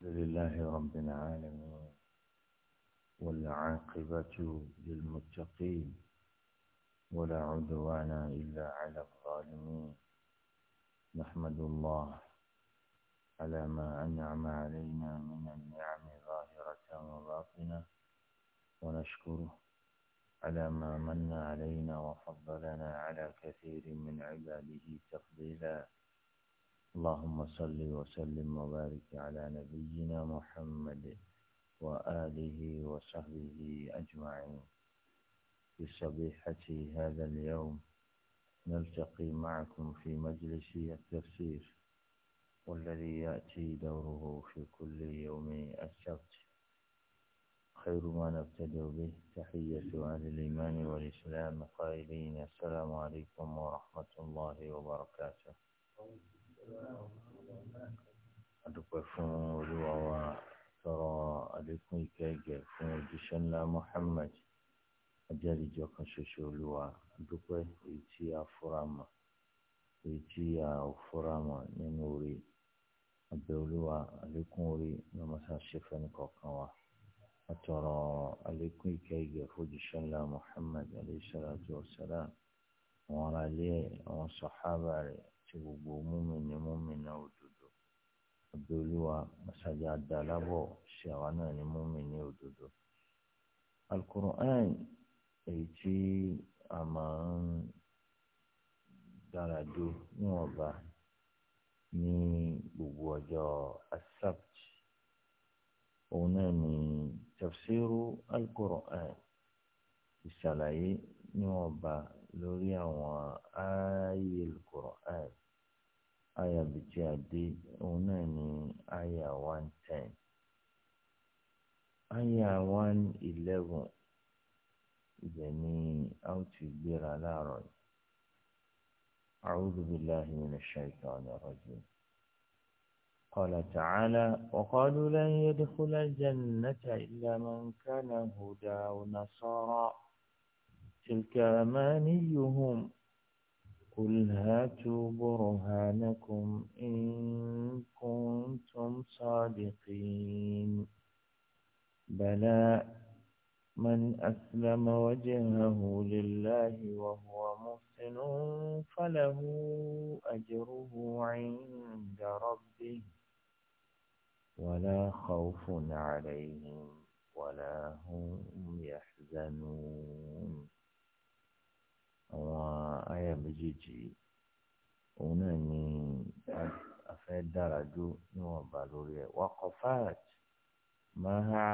لله رب العالمين والعاقبة للمتقين ولا عدوان إلا على الظالمين نحمد الله على ما أنعم علينا من النعم ظاهرة وباطنة ونشكره على ما من علينا وفضلنا على كثير من عباده تفضيلا اللهم صل وسلم وبارك على نبينا محمد وآله وصحبه أجمعين في صبيحة هذا اليوم نلتقي معكم في مجلس التفسير والذي يأتي دوره في كل يوم السبت خير ما نبتدئ به تحية أهل الإيمان والإسلام قائلين السلام عليكم ورحمة الله وبركاته adúpẹ́ fún olúwa wa sọ̀rọ̀ àlékún ìkẹ́gẹ́ fún ojúṣe ńlá Muhammad ajẹ́rìíjọ kan ṣoṣo olúwa adúpẹ́ èyí tí a fura mọ̀ èyí tí a ò fura mọ̀ nínú orí abẹ́ olúwa àlékún orí ní ọmọọṣà ṣẹfẹ́ wa àtọ̀rọ̀ àlékún ìkẹ́gẹ́ fún ojúṣe ńlá Muhammad alayhi salatu wa salam àwọn aráalé àwọn sọ̀hábà rẹ̀ àti gbogbo múmìnì múmìnà òdodo ọbẹ̀ olúwa mọ̀sájà àdàlábọ̀ ṣe àwa náà ní múmìnì òdodo. alukur'an èyí tí a máa ń dára dó níwọ̀nba ní gbogbo ọjọ́ asabt òun náà ní tafsiru alukur'an ìṣàlàyé níwọ̀nba lórí àwọn ayélujára àyà bìtì àdé òun náà ní àyà one ten àyà one eleven ibẹ̀ ni a ó ti gbéra láàárọ̀ yìí. أعوذ بالله من الشيطان الرجيم قال تعالى وقالوا لن يدخل الجنة إلا من كان هدى ونصارى تلك أمانيهم قل هاتوا برهانكم إن كنتم صادقين بلى من أسلم وجهه لله وهو محسن فله أجره عند ربه ولا خوف عليهم ولا هم يحزنون méjèèjì yìí òun náà ni afẹ́ dára dó níwọ̀nba lórí ẹ̀ wà kọ́ fáàt máa ha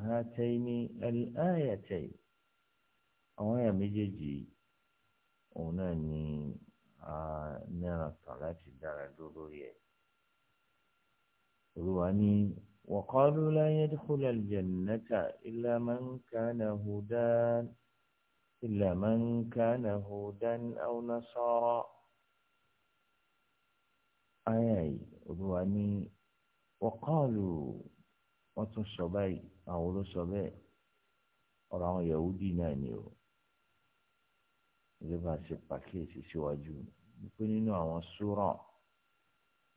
ha tẹ́yìn ní ẹ̀yà tẹ́yìn àwọn ẹ̀yà méjèèjì yìí òun náà ni náírà tán láti dára dó lórí ẹ̀ olùwà ni. وقالوا لا يدخل الجنة إلا من كان هدان إلا من كان هودا أو نصارى أي أدواني وقالوا أتو الشباي أو الشباي أران يهودي نانيو إذا باسي باكي سيسي واجون يقول إنو عوى السورة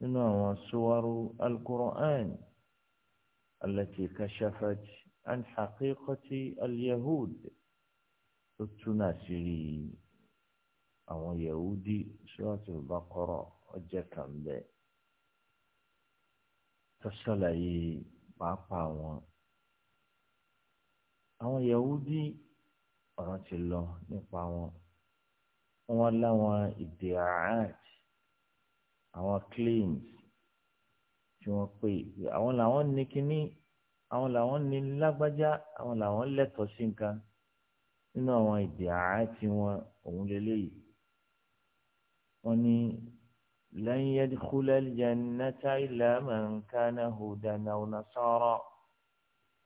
إنو عوى السور القرآن التي كشفت عن حقيقة اليهود اليهود tó túnà sí rí àwọn yahudi suratul Baqara ọjẹ́ kan bẹ́ẹ̀ tó ṣàlàyé pàápàá wọn. àwọn yahudi ọ̀rọ̀ ti lọ nípa wọn wọ́n láwọn ìdíyàáàt àwọn claims tí wọ́n pè àwọn làwọn ní kínní àwọn làwọn ní lágbájá àwọn làwọn lẹ́tọ̀ọ́ sí nǹkan nínú àwọn èdè àá tí wọn òun lélẹ́yìí wọ́n ní lan yadkhula al-jannata illa man kana hudan aw nasara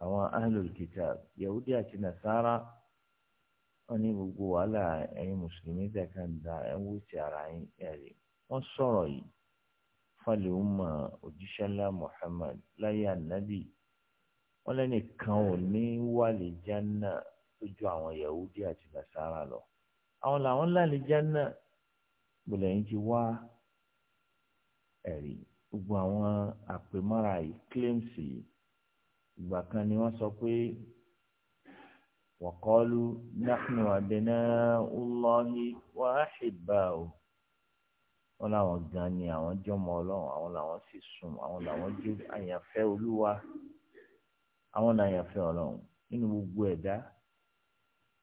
àwọn ahlul kitab yahudi àti nasara wọ́n ní gbogbo wàhálà ẹ̀yin mùsùlùmí dàkàndà ẹ̀wọ́ ti ara yín ẹ̀rí wọ́n sọ̀rọ̀ yìí fálẹ̀ ọmọ òjíṣẹ́ ńlá Muhammad láyé ànábì wọ́n lẹ́nìkan ò ní wàlẹ̀ jannah ó ju àwọn yahudi àti nasara lọ àwọn làwọn láàlẹ jẹnà gbọlẹ yín ti wá ẹ̀rí gbogbo àwọn àpèmọ́ra yìí claims yìí ìgbà kan ni wọ́n sọ pé wàkọ́lù nahnu abnaullahi wa ahibba'u wọn làwọn gan ni àwọn jọmọ Ọlọ́run àwọn làwọn sì sùn àwọn làwọn jẹ àyànfẹ́ Olúwa àwọn làyànfẹ́ Ọlọ́run nínú gbogbo ẹ̀dá. E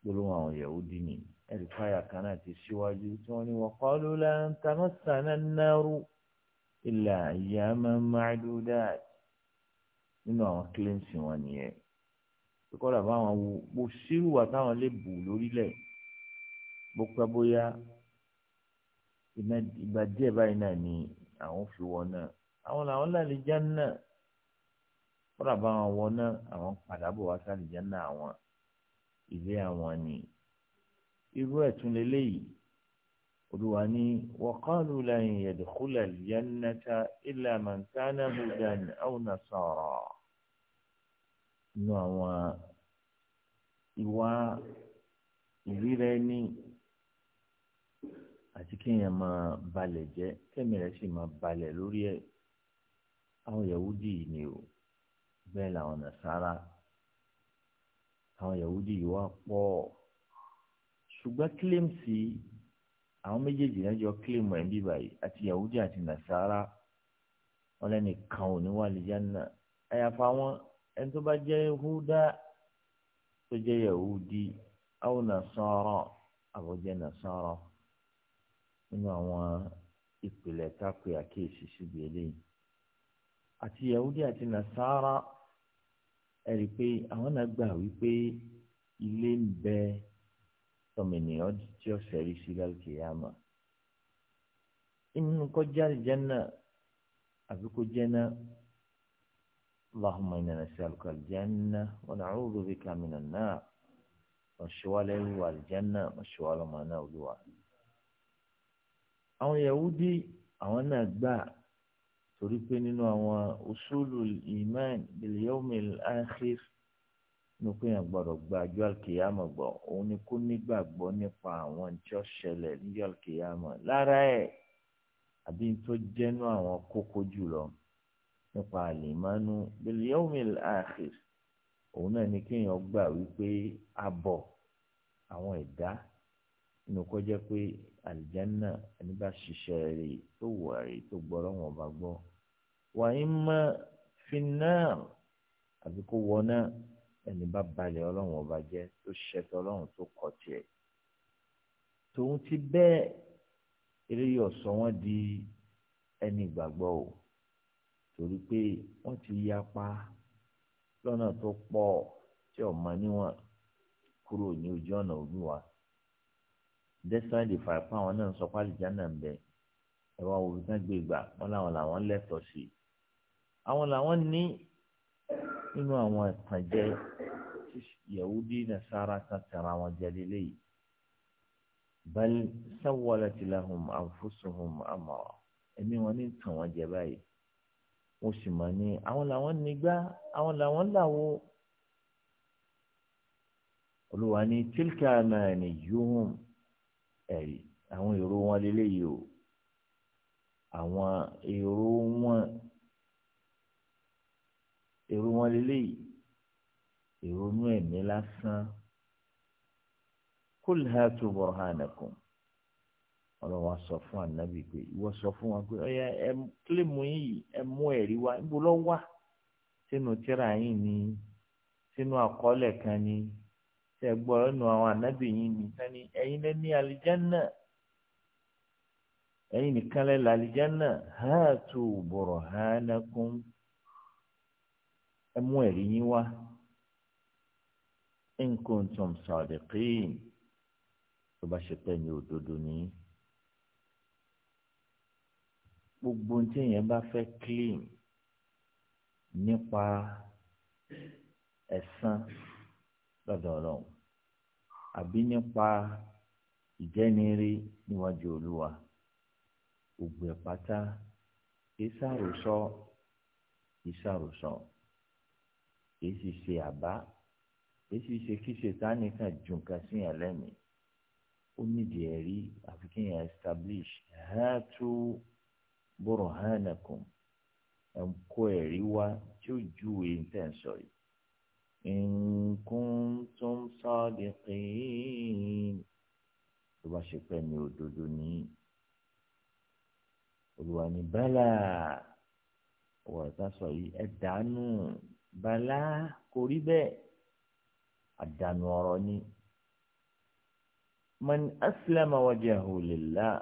gbólóhùn àwọn Yahudi ni ẹ̀rí fáyà kan náà ti síwájú tí wọ́n ní wa qalu lan tamassana an-naru illa ayyaman ma'dudat nínú àwọn kílẹ̀nsì wọn nìyẹn kókòrò àbáwọn wo bó sírù wà táwọn lè bù lórílẹ̀ bó pẹ́ bóyá ìgbà díẹ̀ báyìí náà ni àwọn fi wọ náà àwọn làwọn lálẹ́ jẹ́ náà kókòrò àbáwọn wọ náà àwọn padà bọ̀ wá sálẹ̀ náà àwọn ilé àwọn ni irú ẹ̀tún lélẹ́yìí olùwà ní waqalu lan yadkhula al-jannata illa man kana hudan aw nasara nínú àwọn ìwà ìríra ẹni àti kéèyàn máa balẹ̀ jẹ́ kẹ́mi rẹ̀ sì máa balẹ̀ lórí ẹ̀ àwọn Yahudi ni o bẹ́ẹ̀ làwọn Nasara àwọn yahudi yìí wá pọ̀ ṣùgbọ́n kílẹ̀mùsì àwọn méjèèjì náà jọ kílẹ̀mù ẹ̀ ń bí báyìí àti yahudi àti nasara wọn lẹ́nu kan ò ní wà lìjánà àyàfà wọn ẹni tó bá jẹ́ húdà tó jẹ́ yahudi àwọn nasara àbọ̀jẹ́ nasara nínú àwọn ìpìlẹ̀ tá a síbi eléyìí àti yahudi àti nasara ẹ rí i pé àwọn náà gbà wípé ilé ń bẹ tọmọnìyàn tí ó sẹ̀rí sí lálùkè inú kọjá aljanna àbí kọjá náà اللهم إنا نسألك الجنة ونعوذ بك من النار mọ̀ṣúwálẹ̀ wà lìjánà mọ̀ṣúwálẹ̀ ọmọ náà olúwa. àwọn yahudi àwọn náà gbà torí pé nínú àwọn usulu iman bil yawmil akhir ní pé yẹn gbọ́dọ̀ gba àjọ àlùkìyàmọ̀ gbọ́ òun ni kó nígbàgbọ́ nípa àwọn ìjọ ṣẹlẹ̀ níjọ́ àlùkìyàmọ̀ lára ẹ̀ àbí tó jẹ́nu àwọn kókó jùlọ nípa àlìmánú bil yawmil òun náà ni kéèyàn gbà wípé abọ̀ àwọn ẹ̀dá nínú kọjá pé àlìjánà ẹni bá ṣiṣẹ́ rere tó wà rè tó gbọ́rọ̀ wọn bá gbọ́. wà á mọ fínà àbí kó wọná ẹni bá balẹ̀ ọlọ́run ọba jẹ́ tó ṣẹtọ ọlọ́run tó kọ̀ tiẹ̀. tòun ti bẹ́ẹ̀ eré yọ̀ sọ wọ́n di ẹni ìgbàgbọ́ o torí pé wọ́n ti yapa lọ́nà tó pọ̀ tí ọ̀ma níwọ̀n kúrò ní ojú ọ̀nà òbí wa despite the fact pé àwọn náà ń sọ pé àlìjáná ń bẹ ẹwà òbí kan gbé gbà wọn làwọn làwọn lẹ́tọ̀ọ́ sí i àwọn làwọn ní nínú àwọn ìtànjẹ yahudi nasara kan tẹ̀ra wọn jẹ lélẹ́yìí bal sawwalat lahum anfusuhum amara ẹ̀mí wọn ní tàn wọn jẹ báyìí mo sì mọ̀ ní àwọn làwọn nígbà àwọn làwọn làwọ̀ olùwà ní tilka amaniyuhum àwọn èrò wọn lélẹ́yìí o àwọn èrò wọn èrò wọn lélẹ́yìí èrò inú ẹ̀mí lásán kul hatu burhanakum ọlọ́wọ́ sọ fún anabi pé ìwọ sọ fún wa pé ọ̀yà ẹ kílẹ̀ mú yìí ẹ mú ẹ̀rí wa níbo lọ wà sínú tíra yín ni sínú àkọọ́lẹ̀ kan ni tẹ gbọ́ ẹnu àwọn anabi yín ni sani ẹ̀yin lẹ́ni alìjánná ẹ̀yin nìkan lẹ làlìjánà háàtù burhanakum ẹ mú ẹ̀rí yín wá in kuntum sadiqin tó bá ṣe pé ní òdodo ní gbogbo tí èèyàn bá fẹ́ clean nípa ẹ̀san lọ́dọ̀ ọlọ́run àbí nípa ìjẹ́nirí níwájú olúwa gbogbo ẹ̀ pátá ìsàròsọ ìsàròsọ kìí sì ṣe àbá kìí sì ṣe kí ṣètánì kan ju nǹkan sí yàn lẹ́nu ó nídìí ẹ̀rí àfi kí yàn establish hàtú burhanakum ẹ̀ ń kó ẹ̀rí wá tí ó ju èyí tẹ̀ ń sọ yìí. in kuntum sadiqin tó bá ṣe pẹ́ ní òdodo nìyí olùwà ní bálà ọ̀rọ̀ tá a sọ yìí ẹ dànù bálà kò rí bẹ́ẹ̀ àdànù ọ̀rọ̀ ni man aslama wajhahu lillah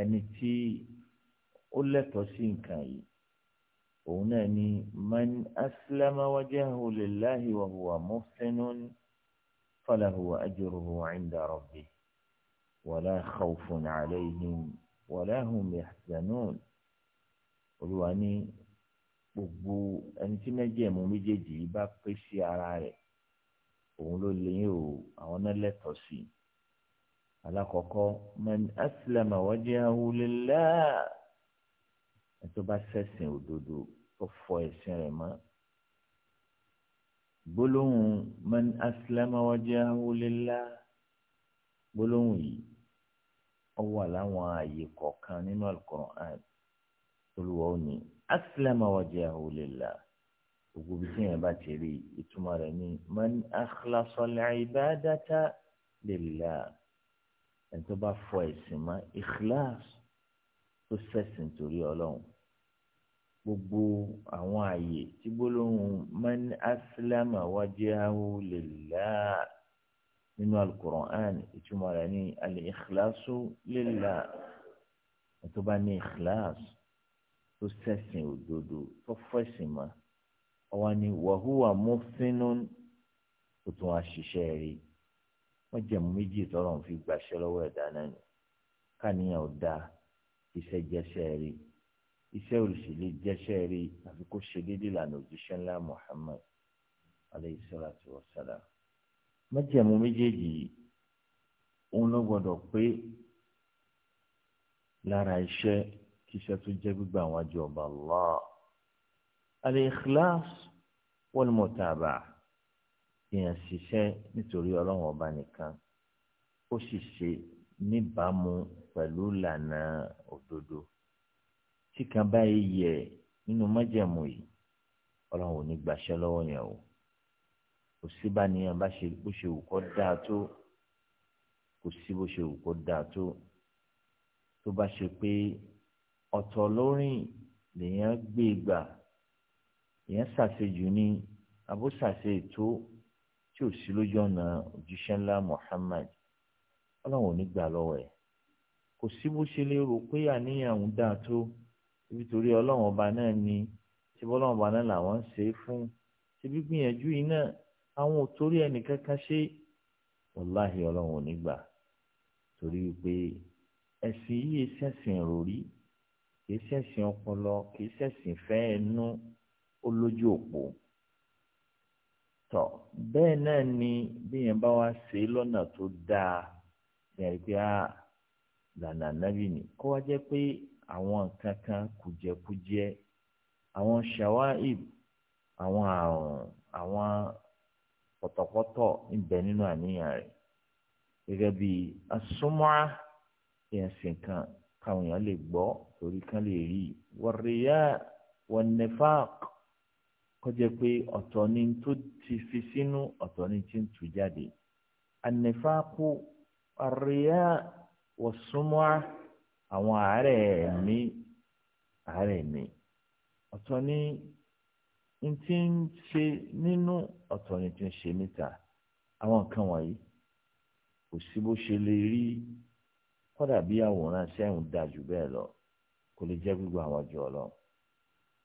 ẹni tí ó lẹ́tọ̀ọ́ sí nǹkan yìí òun náà ni man aslama wajhahu lillahi wa huwa muhsinun falahu ajruhu inda rabbih wala walahum yahzanun olùwà ní gbogbo ẹni tí mẹ́jẹ̀mú méjèèjì yìí bá pé sí ara rẹ̀ òun ló lè yín o àwọn náà lẹ́tọ̀ọ́ sí i alákọ̀ọ́kọ́ man aslama wajhahu lillah ẹtọ́ bá ṣẹ̀sìn òdodo tó fọ ẹ̀sìn rẹ̀ mọ́ gbólóhùn man aslama wajhahu lillah gbólóhùn yìí ọ wà láwọn ààyè kọ̀ọ̀kan nínú alukoran olùwọ́ ni asilama wàjẹ́ àwòlélà gbogbo bí tí yẹn bá ti rí ìtumọ̀ rẹ̀ ni man akhlasola ibadata lillah ẹni tó bá fọ ẹ̀sìn mọ́ ikhlas tó sẹ̀sìn torí ọlọ́run gbogbo àwọn ààyè tí gbólóhùn man asilama wàjẹ́ àwòlélà nínú alukur'an ìtumọ̀ rẹ̀ ní al-ikhlasu lillah tó bá ní ikhlas tó sẹ̀sìn òdodo tó fẹ̀sìn mọ́ ọwọ́ ni wàhúwà muhsinun tó tún wá ṣiṣẹ́ rí wọ́n jẹ̀mú méjì tọ́lọ̀ fi gbàṣẹ́ lọ́wọ́ ẹ̀dá náà ni káníyàn ò iṣẹ́ jẹ́ṣẹ́ rí iṣẹ́ olùṣèlú jẹ́ṣẹ́ rí àfi ṣe déédéé lànà òjíṣẹ́ ńlá Muhammad alayhi salatu wa salam májẹ̀mú méjèèjì yìí òun ló gbọ́dọ̀ pé lára iṣẹ́ kí iṣẹ́ tó jẹ́ gbígbà wájú ọba Allah al-ikhlas wal-mutaba'ah èèyàn ṣiṣẹ́ nítorí ọlọ́run ọba nìkan ó sì ṣe níbàámu pẹ̀lú ìlànà òdodo tí kan báyìí yẹ nínú májẹ̀mú yìí ọlọ́run ò ní gbàṣẹ́ lọ́wọ́ yẹn o kò sí bá nìyẹn bá ṣe bó ṣe wù kó dáa tó kò sí bó ṣe wù kó dáa tó tó bá ṣe pé ọ̀tọ̀ lórin lèèyàn gbé gbà èèyàn ṣàṣejù ní abóṣàṣe ètò tí ò sí lójú ọ̀nà òjíṣẹ́ ńlá Muhammad ọlọ́run ò ní gbà lọ́wọ́ ẹ̀ kò sí bó ṣe lè rò pé àníyàn òun dáa tó ibi torí ọlọ́run ọba náà ni tí bọ́lọ́run ọba náà làwọn ń ṣe é fún ṣe bí yìí náà àwọn ò torí ẹnìkan kan ṣe wàláhì ọlọ́run ò ní gbà torí pé ẹ̀sìn yìí ṣẹ̀sìn ròrí kì í ṣẹ̀sìn ọpọlọ kì í ṣẹ̀sìn fẹ́ ẹnu ó lójú òpó tọ bẹ́ẹ̀ náà ni bíyẹn bá wá ṣe lọ́nà tó dáa yẹn pé lànà nábì ni kó wá jẹ́ pé àwọn nǹkan kan kùjẹkùjẹ àwọn ṣàwáìb àwọn àrùn àwọn pọ̀tọ̀pọ̀tọ̀ níbẹ̀ nínú àníyàn rẹ̀ gẹ́gẹ́ bí asúnmọ́ra èèyàn sì kan káwọn èèyàn lè gbọ́ torí kan lè rí wọ̀rẹ̀yà wọ̀nẹ́fàk kọjá pé ọ̀tọ̀ ni tó ti fi sínú ọ̀tọ̀ ni ti ń tú jáde ànẹ́fàkù wọ̀rẹ̀yà wọ̀súnmọ́ra àwọn àárẹ̀ ẹ̀mí àárẹ̀ ẹ̀mí ọ̀tọ̀ ni n ti ń ṣe nínú ọ̀tọ̀ ni ti ń ṣe níta àwọn nǹkan wọ̀nyí kò sí bó ṣe lè rí kódà bí àwòrán sẹ́hùn dáa jù bẹ́ẹ̀ lọ kò lè jẹ́ gbogbo àwọn ọjọ́ lọ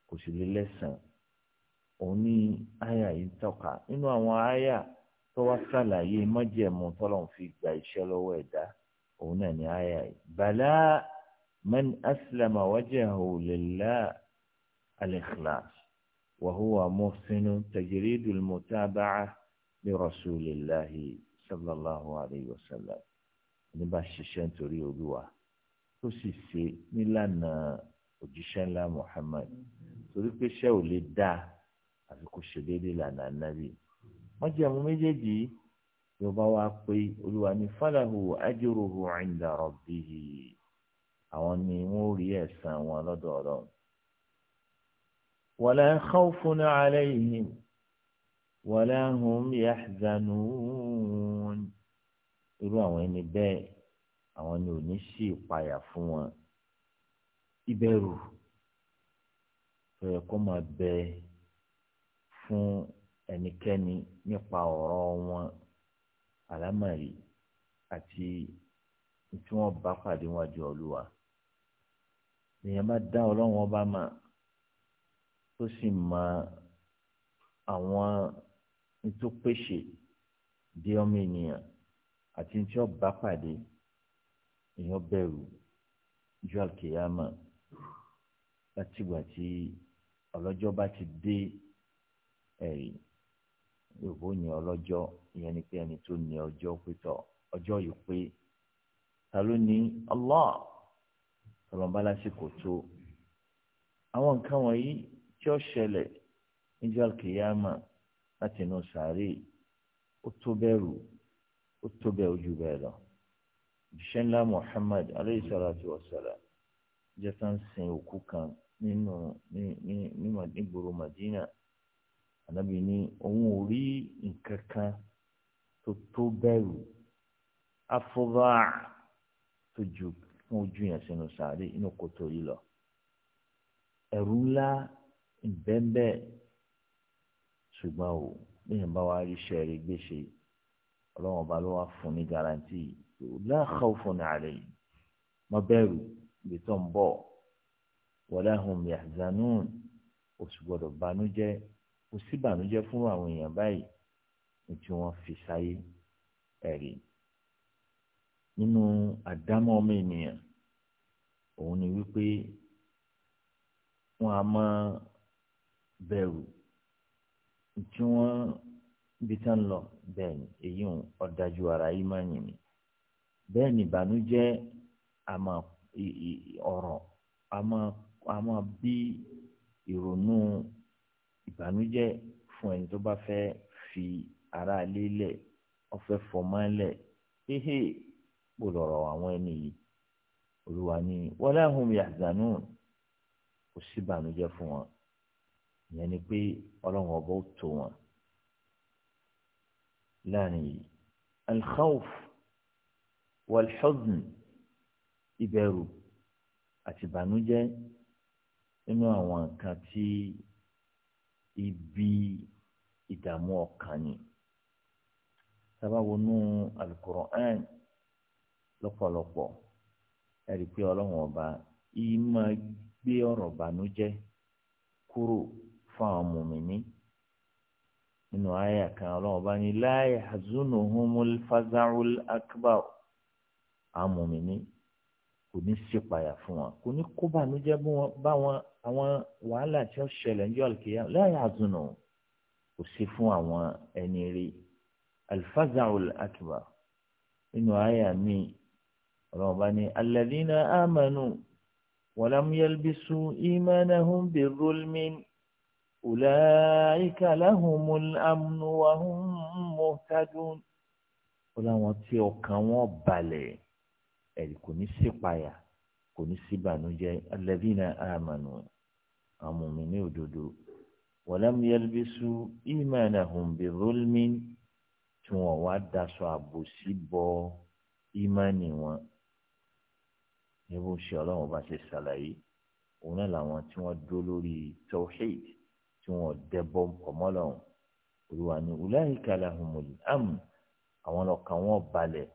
kò sì lè lẹ́sàn-án òun ní àyà yìí tọ́ka nínú àwọn àyà tó wá sàlàyé májẹ̀mú tọ́lọ́hún fi gba iṣẹ́ lọ́wọ́ ẹ̀dá òun náà ní àyà yìí. bàlá man aslama wajhahu lillah al-ikhlas وهو محسن تجريد المتابعة لرسول الله صلى الله عليه وسلم nígbà ṣiṣẹ́ nítorí olúwa tó sì ṣe nílànà òjíṣẹ́ ńlá Muhammad torí pé ṣẹ́ ò lè dá àfi kó ṣe déédéé lànà nábì wọ́n jẹ́ àwọn méjèèjì yóò bá wá pé olúwa ní falahu ajruhu inda rabbihi àwọn ni wọ́n rí ẹ̀san wọn lọ́dọ̀ Ọlọ́run. ولا خوف عليهم ولا هم يحزنون irú àwọn ẹni bẹ́ẹ̀ àwọn ni ò ní sí ìpayà fún wọn ìbẹ̀rù fẹ̀rẹ̀ kó máa bẹ fún ẹnikẹ́ni nípa ọ̀rọ̀ wọn àlámàrí àti tí wọ́n bá pàdé wájú Olúwa èèyàn bá dá ọlọ́run ọba máa tó sì mọ àwọn tó pèsè dé ọmọ ènìyàn àti tí ó bá pàdé èèyàn bẹ̀rù ju àkèyàmọ̀ látìgbà tí ọlọ́jọ́ bá ti dé ẹ̀rí yòówó ní ọlọ́jọ́ ìyẹn ni pé ẹni tó ní ọjọ́ pétọ́ ọjọ́ yìí pé ta ló ní Allah tọlọmọba lásìkò tó àwọn nǹkan wọ̀nyí tí ó ṣẹlẹ̀ níjọ́ àkèyàmà láti inú sàárè ó tó bẹ̀rù ó tó bẹ̀ ojú lọ. Muhammad alayhi salatu wa salam sin kan Madina ànábì ni òun ò rí nǹkan kan tó tó bẹ̀rù afọ́bà tó ju fún ojú yẹn sínú ìbẹ́ńbẹ́ ṣùgbọ́n o bẹ́ẹ̀ bá wa rí sẹ́ẹ̀rì gbèsè ọlọ́run ọba ló wá fún ní garanti la khawfun alayhim má bẹ̀rù ibi tó ń bọ̀ wala hum yahzanun o sì gbọ́dọ̀ banújẹ́ o sì banújẹ́ fún àwọn èèyàn báyìí ní tí wọ́n fi sáyé ẹ̀rí nínú àdámọ́ ọmọ ènìyàn òun ni wípé wọ́n a máa. bẹ̀rù tí wọ́n bí tán lọ bẹ́ẹ̀ ni èyí ń ọ̀dájú ara yìí máa yìn ní bẹ́ẹ̀ ni ìbànújẹ́ àmọ́ ọ̀rọ̀ àmọ́ bí ìrònú ìbànújẹ́ fún ẹni tó bá fẹ́ fi ara lélẹ̀ ọ̀fẹ́ fọmọ́lẹ̀ hehe kò lọ́rọ̀ àwọn ẹni yìí olùwà ni kò sí ìbànújẹ́ fún ìyẹn ni pé ọlọ́run ọba ó tó wọn láàrin yìí alkhawf walhuzn ìbẹ̀rù àti ìbànújẹ́ nínú àwọn nǹkan tí ibi ìdààmú ọkàn ni sábà wọnú alukur'an lọ́pọ̀lọpọ̀ ẹ̀rí pé ọlọ́run ọba yìí gbé ọ̀rọ̀ ìbànújẹ́ kúrò fún àwọn mùmíní nínú àyà kan ọlọ́run bá ní la yahzunuhumul faza'ul akbar àwọn mùmíní kò ní ṣèpayà fún wọn kò ní kó bànújẹ́ bá wọn àwọn wàhálà tí ó ṣẹlẹ̀ ní ọ̀lùkìyà la yahzunuhum kò sí fún àwọn ẹni rí alfaza'ul akbar nínú àyà mi ọlọ́run bá ní alladhina amanu walam yalbisu imanahum bi dhulmin ulaika lahumul amnu wa hum muhtadun ó láwọn tí ọkàn wọn balẹ̀ ẹ̀rí kò ní sípayà kò ní síbànújẹ́ alladhina amanu àwọn mùmínì òdodo walam yalbisu imanahum bi zulmin tí wọn wá daṣọ àbòsí bọ ìmánì wọn ní bó ṣe ọlọ́run bá ṣe ṣàlàyé òun náà làwọn tí wọ́n dúró lórí tawhid tí wọn dẹbọ ọmọlọrun olúwa ni ulaika lahumul amn àwọn ọkàn wọn balẹ̀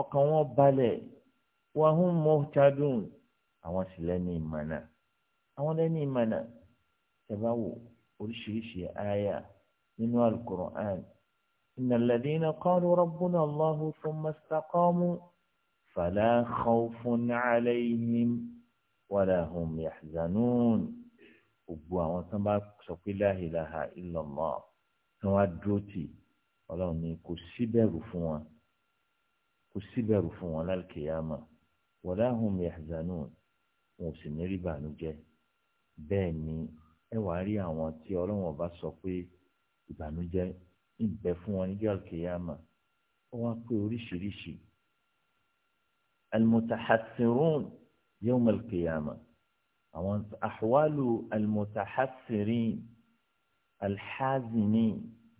ọkàn wọn balẹ̀ wa hum muhtadun àwọn sì lẹ́ni ìmọ̀nà àwọn lẹ́ni ìmọ̀nà ṣẹba wò oríṣiríṣi àyà nínú al-Qur'an innal ladhina qalu rabbuna Allahu thumma istaqamu fala khawfun alayhim wala hum yahzanun gbogbo àwọn tó ń bá sọ pé la ilaha illallah tí wọ́n á dúró tì ọlọ́run ní kò síbẹ̀rù fún wọn kò síbẹ̀rù fún wọn lálùkìyàmà wala hum yahzanun wọn ò sì ní rí ìbànújẹ́ bẹ́ẹ̀ ni ẹ wàá rí àwọn tí ọlọ́run ọba sọ pé ìbànújẹ́ ń fún wọn níjọ́ àlùkìyàmà ó wá pé oríṣiríṣi al-mutahassirun yawm al àwọn àhùwálù almutahassirin alhazinin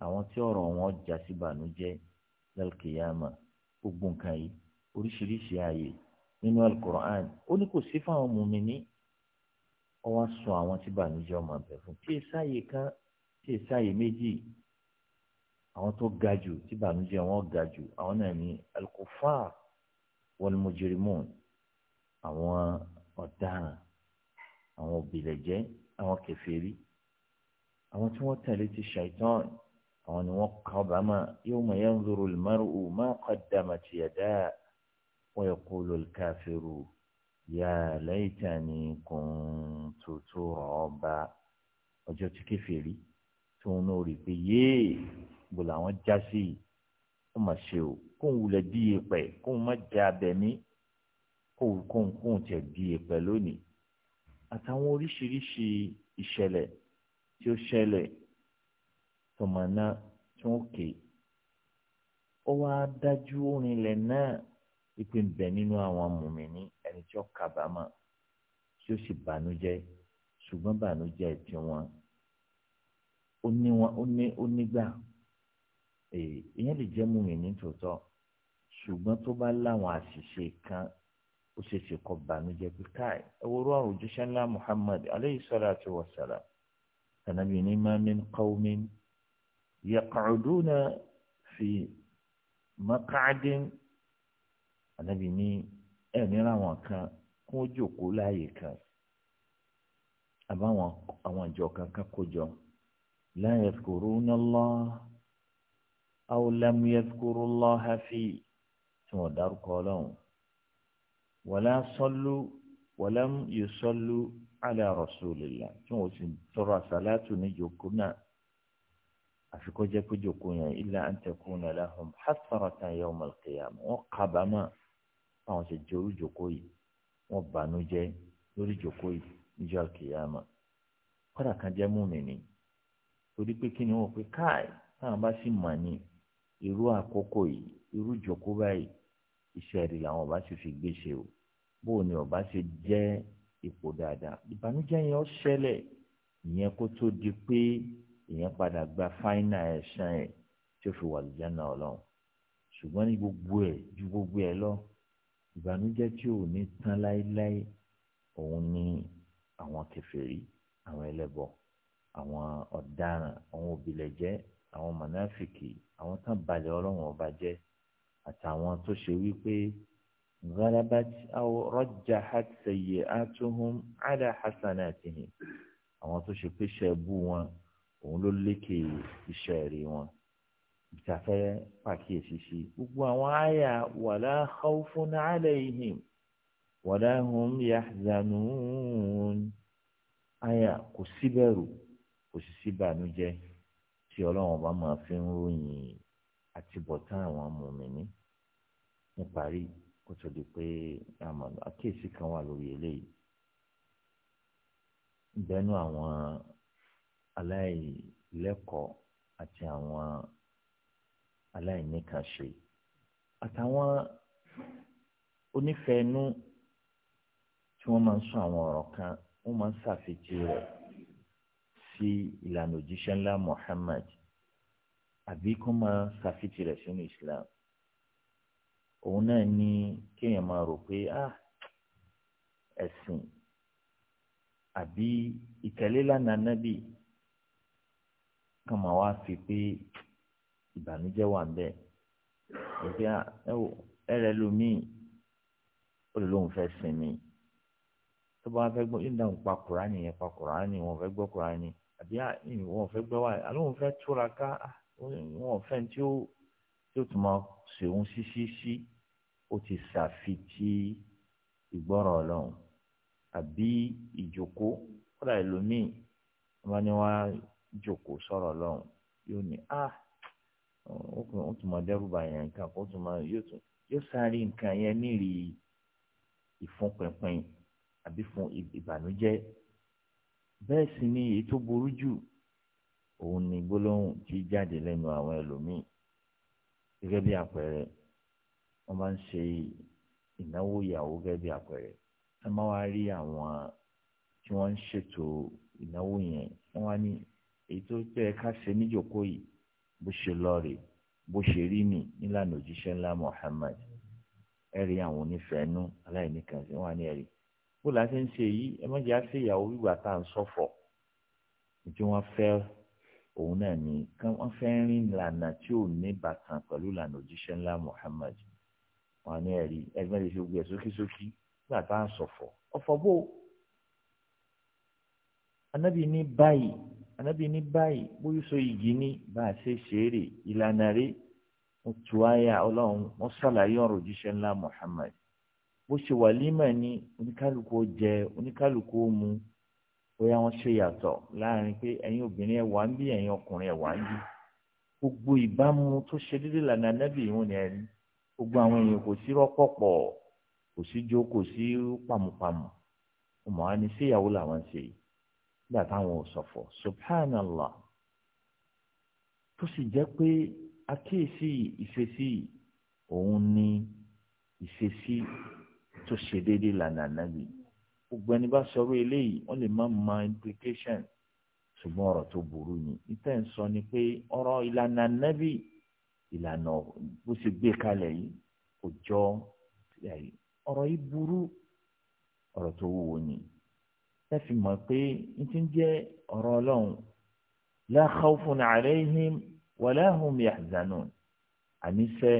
àwọn tí ọ̀rọ̀ wọn já sí bànújẹ́ lálkìyàmà gbogbo nǹkan yìí oríṣiríṣi ààyè nínú alukur'an ó ní kò sí fáwọn mùmíní ó wá sọ àwọn tí bànújẹ́ ọmọ abẹ fún tí èsáyè kan tí èsáyè méjì àwọn tó ga jù tí bànújẹ́ wọn ga jù àwọn náà ní alukófà wal mujrimun àwọn ọ̀daràn àwọn òbílẹ̀jẹ́ àwọn kèfèrí àwọn tí wọ́n tẹ̀lé ti ṣàìtàn àwọn ni wọ́n kábàámà yawma yanzuru al-mar'u ma qaddamat yadah wa yaqulu al-kafiru ya laytani kuntu turaba ọjọ́ tí kèfèrí tí wọn náà rí pé yéé bò làwọn já sí i ó mà ṣe o kóun wulẹ̀ díye pẹ̀ kóun má jẹ́ abẹ̀mí kóun kóun kóun tẹ̀ díye pẹ̀ lónìí àtàwọn oríṣiríṣi ìṣẹ̀lẹ̀ tí ó ṣẹlẹ̀ tọ̀mọ̀nà tí wọ́n ké ó wá dájú orinlẹ̀ náà ìpè ń bẹ nínú àwọn mùmíní ẹni tí ó kábàámọ̀ tí ó sì bànújẹ́ ṣùgbọ́n bànújẹ́ ti wọn ó nígbà èèyàn lè jẹ́ mùmíní tòótọ́ ṣùgbọ́n tó bá láwọn àṣìṣe kan ó ṣe ṣe kọ bànújẹ́ pé káì ewúrọ àwọn òjíṣẹ́ ńlá Muhammad aleyhi salatu wa salam sanabi ní ma min qawmin yaq'uduna fi maq'adin anabi ní ẹni ráwọn kan kún ó jókòó láàyè kan àbáwọn àwọn ìjọ kankan kó jọ la yadhkuruna Allah aw lam yadhkuru Allah fi tí wọn dárúkọ Ọlọ́run wàlá sọ́lú wàlá yusọ́lú ala rasulillah tí wọ́n sì tọrọ àsálàtù ní jòkó náà àfikọ́ jẹ́ pé jòkó yẹn illa an takuna lahum hasratan yawm al-qiyamah wọ́n kábàámọ̀ àwọn sì jẹ́ orí jòkó yìí wọ́n bànújẹ́ lórí jòkó yìí níjọ́ al-qiyamah kọ́dà kan jẹ́ mùmínì torí pé kí ni wọ́n pe káì táwọn bá sì mọ̀ ní irú àkókò yìí irú jòkó báyìí iṣẹ́ rí làwọn ọba sì fi gbé ṣe o bó ni ọba ṣe jẹ́ ipò dáadáa ìbànújẹ́ yẹn ó ṣẹlẹ̀ ìyẹn kó tó di pé ìyẹn padà gba fáínà ẹ̀san ẹ̀ tí ó fi wà lùjánà ọlọ́run ṣùgbọ́n ní gbogbo ẹ̀ ju gbogbo ẹ̀ lọ ìbànújẹ́ tí ò ní tán láéláé òun ni àwọn kèfèrí àwọn ẹlẹ́bọ àwọn ọ̀daràn àwọn òbílẹ̀jẹ́ àwọn mọ̀náfìkì àwọn tán balẹ̀ ọlọ́run ọba jẹ́ àtàwọn tó ṣe wípé ghalabat aw rajjahat sayyi'atuhum ala hasanatihim àwọn tó ṣe pé ṣẹ́ẹ̀bù wọn òun ló lékè iṣẹ́ rí wọn ìtafẹ́ pàkíyèsí sí gbogbo àwọn àyà wala khawfun alayhim wala hum yahzanun àyà kò síbẹ̀rù kò sì síbànújẹ́ tí ọlọ́run ọba máa fi ń ròyìn àti bọ̀tán àwọn mùmíní níparí kó tó di pé àmọ̀nà àkíyèsí kan wà lórí eléyìí bẹ́nu àwọn aláìlẹ́kọ̀ọ́ àti àwọn aláìníkànṣe àtàwọn onífẹ̀ẹ́nú tí wọ́n máa ń sọ àwọn ọ̀rọ̀ kan wọ́n máa ń ṣàfihàn rẹ̀ sí ìlànà òjíṣẹ́ ńlá Muhammad àbí kó máa ṣàfitì rẹ̀ sínú Islam òun náà ní kéèyàn máa rò pé ah ẹ̀sìn àbí ìtẹ̀lé lánàá nábì kàn máa wá fi pé ìbànújẹ́ wà bẹ́ẹ̀ ìgbé ah, ẹrẹ lómìn ó lè lóun fẹ́ sinmi tó bá fẹ́ gbọ́ yín dáhùn pa kùránì yẹn pa kùránì wọn fẹ́ gbọ́ kùránì àbí ah, wọn fẹ́ gbọ́ wà àlóhùn fẹ́ túra ká ah, wọn fẹ́ tí ó tí ó tún máa ṣèun ṣíṣíṣí ó ti ṣàfitì ìgbọ́ràn ọlọ́run àbí ìjòkó kódà ẹlòmíì wọn ni wọn jòkó sọ̀rọ̀ ọlọ́run yóò ní a ah, ó tún máa dẹ́rù bàyàn nǹkan kó tún máa yóò tún yóò sáré nǹkan yẹn nírì ìfúnpinpin àbí fún ìbànújẹ́ bẹ́ẹ̀ sì ni èyí tó burú jù òun ni gbólóhùn tí jáde lẹ́nu àwọn ẹlòmíì gẹ́gẹ́ bí àpẹẹrẹ wọ́n máa ń ṣe ìnáwó ìyàwó gẹ́gẹ́ bí àpẹẹrẹ ẹ máa wá rí àwọn tí wọ́n ń ṣètò ìnáwó yẹn wọ́n wá ní èyí tó tẹ́ ẹ ká ṣe níjókòó yìí bó ṣe lọ rè bó ṣe rí nì nílànà òjíṣẹ́ ńlá Muhammad ẹ rí àwọn onífẹ̀ẹ́nú aláìníkànsí wọ́n wá ní ẹ̀rí bó la ṣe ń ṣe yìí ẹ má jẹ́ àṣeyàwó ìgbà tá à ń ṣọ̀fọ̀ tí wọ́n fẹ́ òun náà ni kí wọ́n fẹ́ rìn lànà tí ò ní bàtàn pẹ̀lú lànà òjíṣẹ́ ńlá Muhammad wọn ní ẹ̀rí ẹgbẹ́ lè fi gbé ẹ̀ sókísókí nígbà tá à ń sọ̀fọ̀ ọ̀fọ̀ bò anábì ní báyìí anábì ní báyìí bóyú so igi ní bá a ṣe ṣe ìlànà rè wọ́n tu àyà ọlọ́run wọ́n ṣàlàyé ọ̀rọ̀ òjíṣẹ́ ńlá Muhammad bó ṣe wà límà ní oníkálukú jẹ oníkálukú mu bóyá wọ́n ṣe yàtọ̀ láàrin pé ẹ̀yin obìnrin ẹ̀ wà ń bí ẹ̀yin ọkùnrin ẹ̀ wà ń bí gbogbo ìbámu tó ṣe dédé lànà anábì ìhun ni ẹni gbogbo àwọn èèyàn kò sí rọ́pọ̀ pọ̀ kò sí jó kò sí pàmùpàmù ọmọ wa ni síyàwó làwọn ń ṣe nígbà táwọn ò tó sì ni ìṣesí tó ṣe dédé lànà anábì gbogbo ẹni bá sọ̀rọ̀ eléyìí wọ́n lè má mọ implication ṣùgbọ́n ọ̀rọ̀ tó burú ni níta ń sọ ni pé ọ̀rọ̀ ìlànà nábì ìlànà bó ṣe gbé kalẹ̀ yìí kò jọ ọ̀rọ̀ yìí burú ọ̀rọ̀ tó wúwo ni ẹ fi mọ̀ pé n ti ń jẹ́ ọ̀rọ̀ ọlọ́run la khawfun alayhim wala hum àníṣe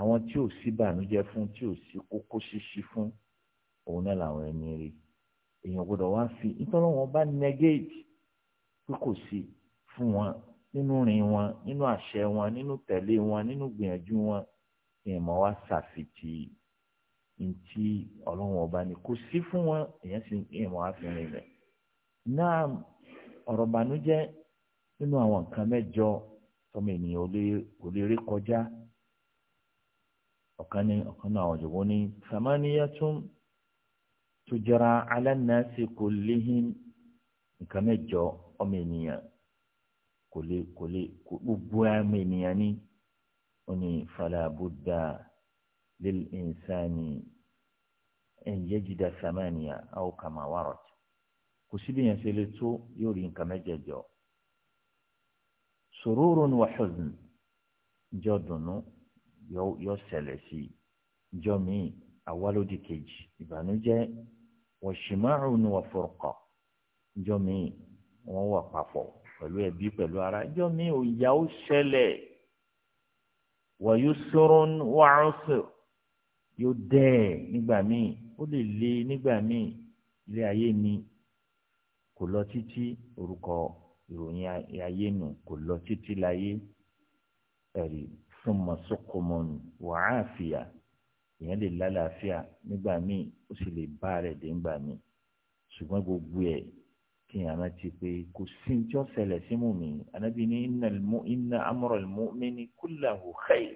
àwọn tí ò sí bànújẹ́ fún tí ò sí kókó ṣíṣí fún òun náà làwọn ẹni rí èèyàn gbọ́dọ̀ wá fi nítorí wọn bá negate pé kò sí fún wọn nínú rìn wọn nínú àṣẹ wọn nínú tẹ̀lé wọn nínú gbìyànjú wọn èèyàn máa wá ṣàfìtì ntí ọlọ́run ọba ni kò sí fún wọn èèyàn sì èèyàn máa wá fi rìn rẹ̀ náà ọ̀rọ̀ bànújẹ́ nínú àwọn nǹkan mẹ́jọ ènìyàn ò lè rí kọjá ọ̀kan ní ọ̀kan tujara alánàásì kò léhìn nǹkan mẹ́jọ ọmọ ènìyàn kò lè kò lè kò gbogbo ọmọ ènìyàn ní oní falabuda lil insani an yajida samaniya aw kama warat kò síbi yẹn ṣe lè tó yóò rí nǹkan mẹ́jẹ̀jọ sururun wa huzn jọ dùnú yọ ṣẹlẹ̀ sí jọ míì àwa ló di kejì ìbànújẹ́ wọ̀ṣìmáàrún wà fọ̀rọ̀kọ̀ ìjọ míì wọ́n wà papọ̀ pẹ̀lú ẹbí pẹ̀lú ara ìjọ míì ìyà ó ṣẹlẹ̀ wọ̀nyí sọ̀rọ̀ wà á sọ̀ yóò dẹ̀ nígbà míì ó lè le nígbà míì ilé ayé ni kò lọ títí orúkọ ìròyìn ayé nù kò lọ títí láyé ẹ̀rí fún mọ̀sọ́kọmọ́nù wàá fìyà èèyàn lè lálàáfíà nígbà míì ó sì lè bá rẹ̀ dé ńgbà míì ṣùgbọ́n gbogbo ẹ̀ kí èèyàn rántí pé kò sí ní tí ó ṣẹlẹ̀ sí mùmínì anábì ní inna amral mu'mini kullahu khair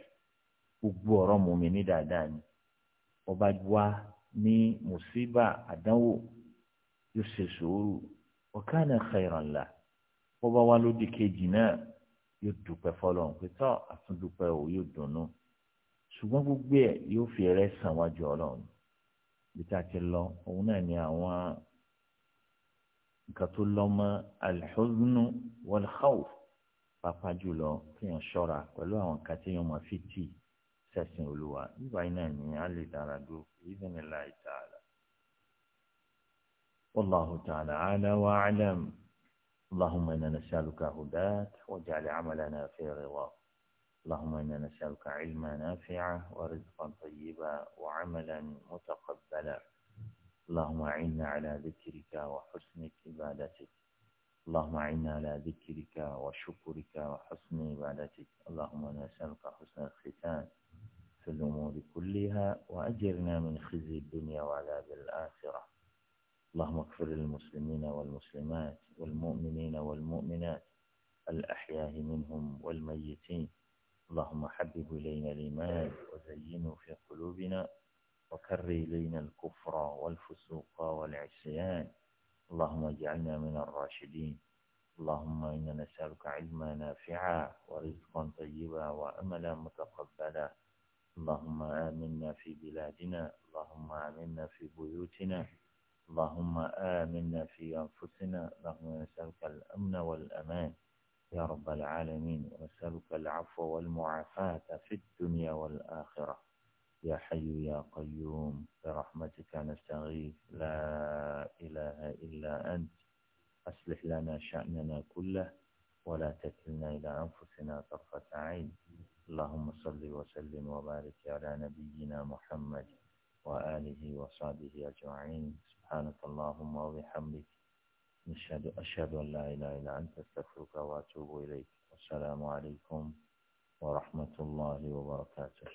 gbogbo ọ̀rọ̀ mùmínì dáadáa ni ọba wá ní mùsíbà àdánwò yóò ṣe sùúrù wa kana khairan la ọba wá lódì kejì náà yóò dúpẹ́ fọlọ́n pé tọ́ àtúndúpẹ́ ò yóò dùnnú ṣùgbọ́n gbogbo ẹ̀ yóò fi ẹrẹ́ sàn wájú ọlọ́run bí tá a ti lọ òun náà ni àwọn nǹkan tó lọ mọ́ alḥuznu wal-khawf pàápàá jùlọ kéèyàn ṣọ́ra pẹ̀lú àwọn nǹkan tí yóò sẹ́sìn olúwa nígbà yìí náà ni a dára dúró bi-idhnillahi ta'ala. wallahu ta'ala a'la wa a'lam. اللهم إنا نسألك هداك وجعل عملنا في رضاك اللهم إنا نسألك علما نافعا ورزقا طيبا وعملا متقبلا اللهم أعنا على ذكرك وحسن عبادتك اللهم أعنا على ذكرك وشكرك وحسن عبادتك اللهم نسألك حسن الختام في الأمور كلها وأجرنا من خزي الدنيا وعذاب الآخرة اللهم اغفر للمسلمين والمسلمات والمؤمنين والمؤمنات الأحياء منهم والميتين اللهم حبب إلينا الإيمان وزينه في قلوبنا وكر إلينا الكفر والفسوق والعصيان اللهم اجعلنا من الراشدين اللهم إنا نسألك علما نافعا ورزقا طيبا وأملا متقبلا اللهم آمنا في بلادنا اللهم آمنا في بيوتنا اللهم آمنا في أنفسنا اللهم نسألك الأمن والأمان يا رب العالمين وأسألك العفو والمعافاة في الدنيا والآخرة يا حي يا قيوم برحمتك نستغيث لا إله إلا أنت أصلح لنا شأننا كله ولا تكلنا إلى أنفسنا طرفة عين اللهم صل وسلم وبارك على نبينا محمد وآله وصحبه أجمعين سبحانك اللهم وبحمدك نشهد أشهد أن لا إله إلا أنت استغفرك وأتوب إليك والسلام عليكم ورحمة الله وبركاته